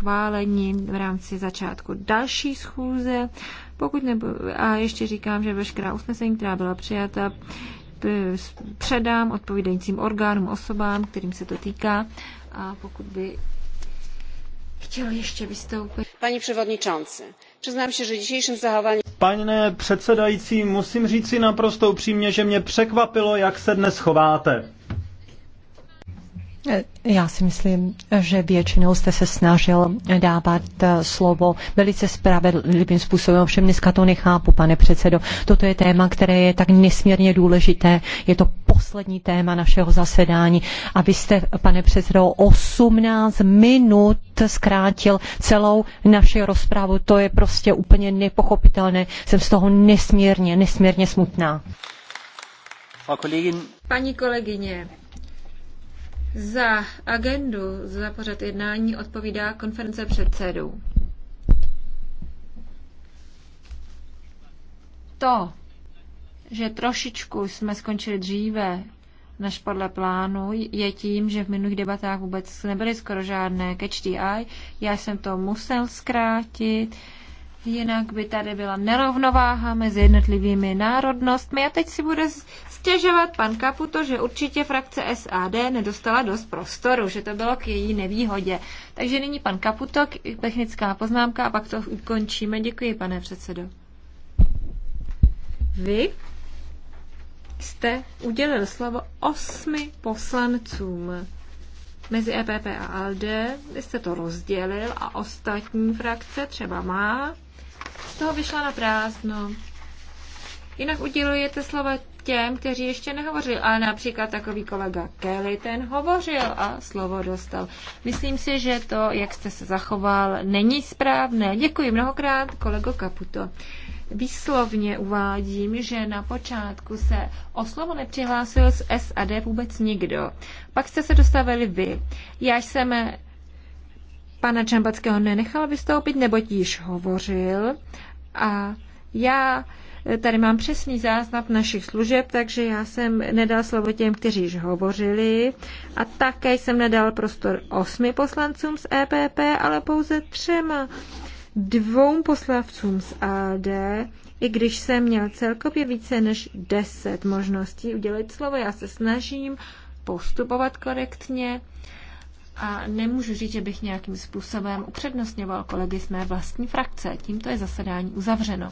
schválení v rámci začátku další schůze. Pokud nebo, a ještě říkám, že veškerá usnesení, která byla přijata, předám odpovídajícím orgánům, osobám, kterým se to týká. A pokud by chtěl ještě vystoupit. Pani převodničance, přiznám se, že dnešním zahávání. Pane předsedající, musím říct si naprosto upřímně, že mě překvapilo, jak se dnes chováte. Já si myslím, že většinou jste se snažil dávat eh, slovo velice spravedlivým způsobem, ovšem dneska to nechápu, pane předsedo. Toto je téma, které je tak nesmírně důležité. Je to poslední téma našeho zasedání. A vy jste, pane předsedo, 18 minut zkrátil celou naši rozpravu. To je prostě úplně nepochopitelné. Jsem z toho nesmírně, nesmírně smutná. Paní kolegyně, za agendu, za pořad jednání odpovídá konference předsedů. To, že trošičku jsme skončili dříve než podle plánu, je tím, že v minulých debatách vůbec nebyly skoro žádné catch the eye. Já jsem to musel zkrátit Jinak by tady byla nerovnováha mezi jednotlivými národnostmi. A teď si bude stěžovat pan Kaputo, že určitě frakce SAD nedostala dost prostoru, že to bylo k její nevýhodě. Takže nyní pan Kaputo, technická poznámka a pak to ukončíme. Děkuji, pane předsedo. Vy jste udělil slovo osmi poslancům mezi EPP a ALDE. Vy jste to rozdělil a ostatní frakce třeba má. Z toho vyšla na prázdno. Jinak udělujete slovo těm, kteří ještě nehovořili, ale například takový kolega Kelly, ten hovořil a slovo dostal. Myslím si, že to, jak jste se zachoval, není správné. Děkuji mnohokrát, kolego Kaputo. Výslovně uvádím, že na počátku se o slovo nepřihlásil z SAD vůbec nikdo. Pak jste se dostavili vy. Já jsem pana Čambackého nenechal vystoupit, neboť již hovořil a já eh, tady mám přesný záznam našich služeb, takže já jsem nedal slovo těm, kteří již hovořili. A také jsem nedal prostor osmi poslancům z EPP, ale pouze třema dvou poslancům z AD, i když jsem měl celkově více než deset možností udělit slovo. Já se snažím postupovat korektně a nemůžu říct, že bych nějakým způsobem upřednostňoval kolegy z mé vlastní frakce. Tímto je zasedání uzavřeno.